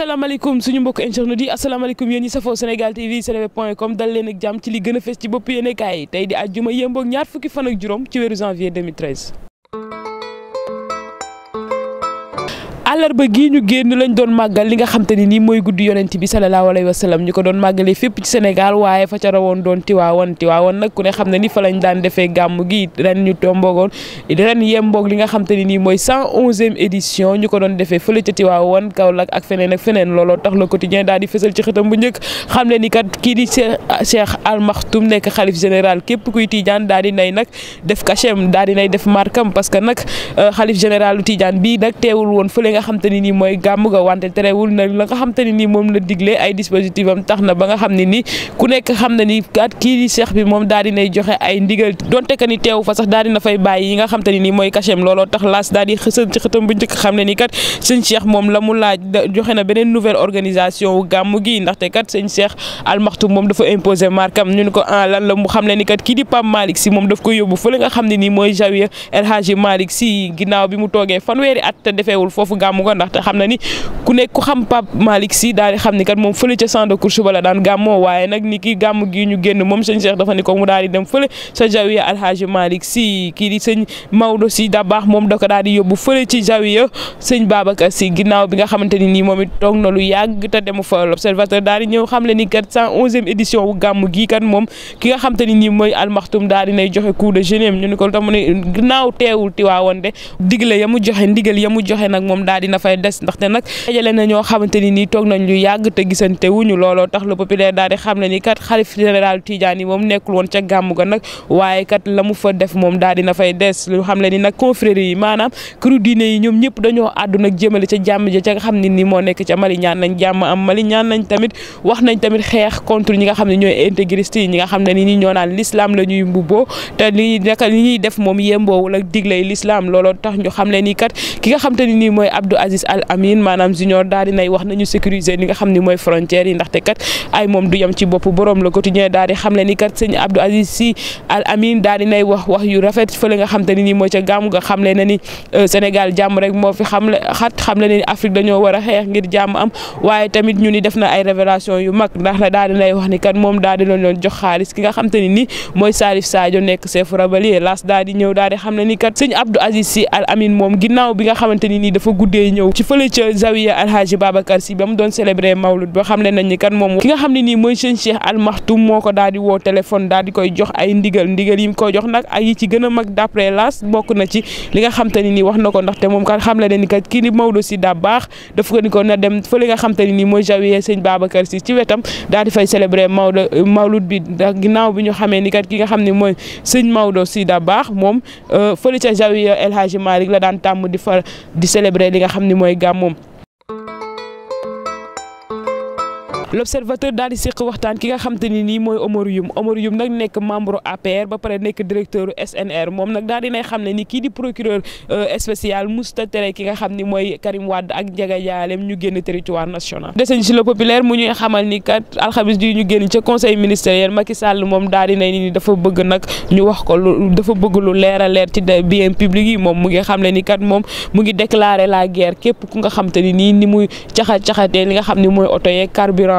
asalaamaaleykum suñu mbokk internet yi asalaamaaleykum yéen ñi safoo Sénégal TV seneweb.com dal leen ak jàmm ci li gën a fës ci bopp yéenekaay yi tey di àjjuma yemboog ñaar fukki fan ak juróom ci weeru janvier 2013 àllarba gii ñu génn lañ doon màggal li nga xam ni nii mooy guddi yonent bi salallaahu alayhi wa sallam ñu ko doon màggalee fépp ci Sénégal waaye fa ca rawoon doon Tiwaawan Tiwaawan nag ku ne xam ne ni fa lañ daan defee gàmm gi ren ñu tomboogoon ren yemboog li nga xam ni nii mooy cent onzième e édition ñu ko doon defee fële ca Tiwaawan Kaolack ak feneen ak feneen looloo tax le quotidien daal di fësal ci xëtam bu njëkk xam ne ni kat kii di Cheikh Al Maktoum nekk xalif général képp kuy Tidiane daal di nay nag def kachem daal di nay def markam parce que nag euh, xalif général Tidiane bii nag nga xam te ne nii mooy gàmm ga wante terewul nag la nga xam te ne nii moom la diglee ay dispositif am tax na ba nga xam ne nii ku nekk xam ne nii kat sëñ Cheikh moom moom dafa imposé markam ñu ne ko ah lan la mu xam ne kat kii di Pape Malick si moom daf ko yóbbu fële nga xam ne nii mooy Jawiya El Hadji si ginnaaw bi mu toogee fanweeri at te defeewul foofu gàmm gàmmu ko ndaxte xam na ni ku nekk ku xam Pape Malick Sy daal di xam ni kat moom fële ca centre de course ba la daan gàmmoo waaye nag ni ki gàmm gii ñu génn moom sëñ Cheikh dafa ni ko mu daal di dem fële sa jawiya Alhaji Malick Sy kii da ko daal di yóbbu fële ci jawiya sëñ Babacar Sy ginnaaw bi nga xamante ni moom it toog na lu yàgg te demu fa daal di ñëw xam le ni kat cent onzième e édition wu gàmm kat moom ki nga xamante ni mooy almaxtum daal di nay joxe coup de jeune ñu ni ko lu tax mu ne ginnaaw teewul de digle daal dina fay des ndaxte nag dajale na ñoo xamante ni nii toog nañ lu yàgg te gisante wuñu looloo tax le populaire daal di xam ne ni kat xalif général Tidiane moom nekkul woon ca gàmmu nag waaye des lu xam ne ni nag confrérie yi maanaam këru diine yi ñoom ñëpp dañoo àddu nag jëmale ca jàmm ja ca xam ne ni moo nekk ca Mali ñaan nañ jàmm am Mali ñaan nañ tamit wax nañ tamit xeex contre ñi nga xam ne ñooy intégriste yi ñi nga xam ne ni ñoo naan l'islam la ñuy mbubboo te li naka li ñuy def moom yemboowul ak diglay l'islam looloo tax Abdou Aziz Al Amin maanaam junior daal di nay wax nañu sécuriser li nga xam ni mooy frontière yi ndaxte kat ay moom du yem ci bopp borom la quotidien daal daal nay wax wax yu rafet fële nga xam te ni nii mooy ca gàmm nga xam le na ni euh, Sénégal jàmm rek moo fi a xeex na ay révélation yu mag ndax na daal di nay wax ni kat te ni mooy Salif Sadio nekk chef rabali las daal di ñëw daal di xam le ni kat sëñ Abdou Aziz Sy Al moom ginnaaw bi nga xamante ni dafa guddee jógee ñëw ci fële ca zawiya alhaaji babacar si ba mu doon célébrer mawlud ba xam le nañ ni kan moom ki nga xam a na ci li nga xam te ni nii wax na ko ndaxte moom kan xam le na dem fële nga xam te ni nii mooy zawiya sëñ babacar si ci wetam daal di fay célébrer mawlud mawlud bi ndax ginnaaw bi ñu xamee baax moom euh, fële ca zawiya el hadji malik la daan tàmm di fa di célébrer li nga xam ni mooy l'observateur daal di séq waxtaan ki nga xam te ni nii mooy Omar Youm Omar Youm nag nekk membre APR ba pare nekk directeur SNR moom nag daal dinay xam ne ni kii di procureur euh, spécial musta tere ki nga xam ni mooy Karim wadd ak Ndiaga Yalem ñu génn territoire national deseñ si le populaire mu ñuy xamal ni kat alxamis ji ñu génn ca conseil ministériel Macky Sall moom daal dinay ni dafa bëgg nag ñu wax ko lu dafa bëgg lu leer a leer ci bien public yi moom mu ngi xam ne ni kat moom mu ngi déclarer la guerre képp ku nga xam ni nii ni muy caxa caxatee li nga xam ni mooy oto yeeg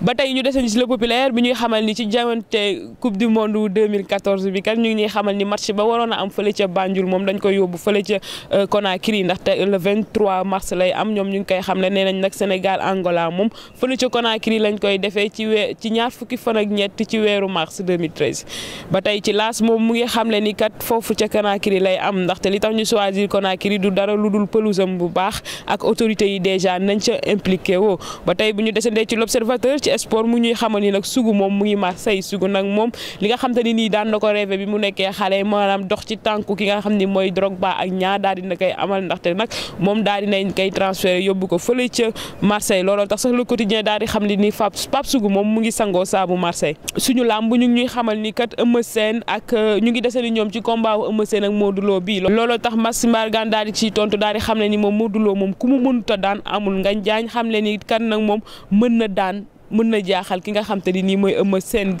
ba tey ñu deseñu ci le bi ñuy xamal ni ci jamante coupe du monde 2014 bi kat ñu ngi ñuy xamal ni match ba waroon am fële ca Banjul moom dañ koy yóbbu fële ca euh, Conakry ndaxte le 23 mars lay am ñoom ñu ngi koy xam ne nee nañ nag Sénégal Angola moom fële ca lañ koy defee ci ci ñaar fukki fan ak ñett ci weeru mars 2013 ba tey ci laas moom mu ngi xamle ni kat foofu ca Conakry lay am ndaxte li tax ñu choisir Conakry du dara lu dul pelouse bu baax ak autorité yi déjà nañ ca impliqué woo ba tey bu ñu desendee ci l'observateur ci ci sport mu ñuy xamal ni nak sugu mom mu ngi Marseille sugu nak mom li nga xam tane ni daan nako rêver bi mu nekké xalé manam dox ci tanku ki nga xam ni moy Drogba ak ñaar daal dina kay amal té nak mom daal dinañ kay transféré yobbu ko feulé ci Marseille lolo tax sax le quotidien daal di xam li ni Fap pap Sugu mom mu ngi sa bu Marseille suñu lamb ñu ñuy xamal ni kat Eumeu ak euh, ñu ngi ni ñom ci combat wu Eumeu ak modulo bi lolo tax maximal Mbargane daal di ci tontu daal di xam ni mom modulo mom kumu daan amul ngañ jaañ xam ni kan nak mom mëna daan mën na jaaxal ki nga xam te ni nii mooy Eumeu seen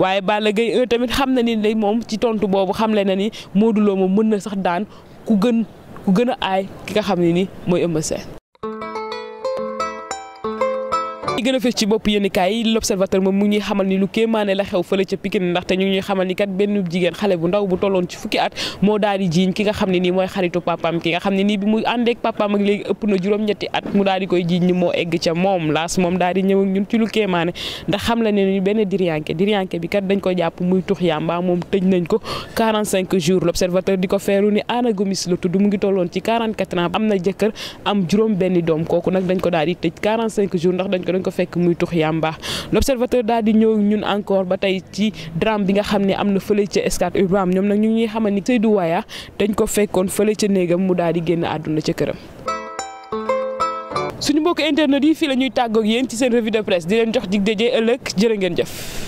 waaye baala Gaye 1 tamit xam na ni ne moom ci tontu boobu xamle na ni Modou Lo moom mën na sax daan ku gën ku gën a aay ki nga xam ne ni mooy Eumeu Sène li gën a fës ci bopp yéen kaay yi l'observateur moom mu ñuy xamal ni lu kéemaane la xew fële ca Pikine ndaxte ñu ngi ñuy xamal ni kat benn jigéen xale bu ndaw bu tolloon ci fukki at moo daal jiiñ ki nga xam ne nii mooy xaritu papaam ki nga xam ne nii bi mu àndeek papaam ak léegi ëpp na juróom-ñetti at mu daal di koy jiiñ ni moo egg ca moom laas moom daal di ñëw ak ñun ci lu kéemaane ndax xam la ne ñu benn diriyanke diriyanke bi kat dañ ko jàpp muy tux yàmba moom tëj nañ ko 45 jours l'observateur di ko feeru ni Anna Gomis mu ngi tolloon ci 44 ans am na jëkkër am juróom benn doom kooku nag dañ ko daal di tëj 45 jours ndax dañ ko ko fekk muy tux yàmba l'observateur daal di ñëw ñun encore ba tey ci drame bi nga xam ne am na fële ca Scat Urbam ñoom nag ñu ngi xamal ni Seydou Waya dañ ko fekkoon fële ca néegam mu daal di génn àdduna ca këram. suñu mbokk internet yi fii la ñuy tàggoog yéen ci seen revue de presse di leen jox dig daje ëllëg jërë ngeen jëf.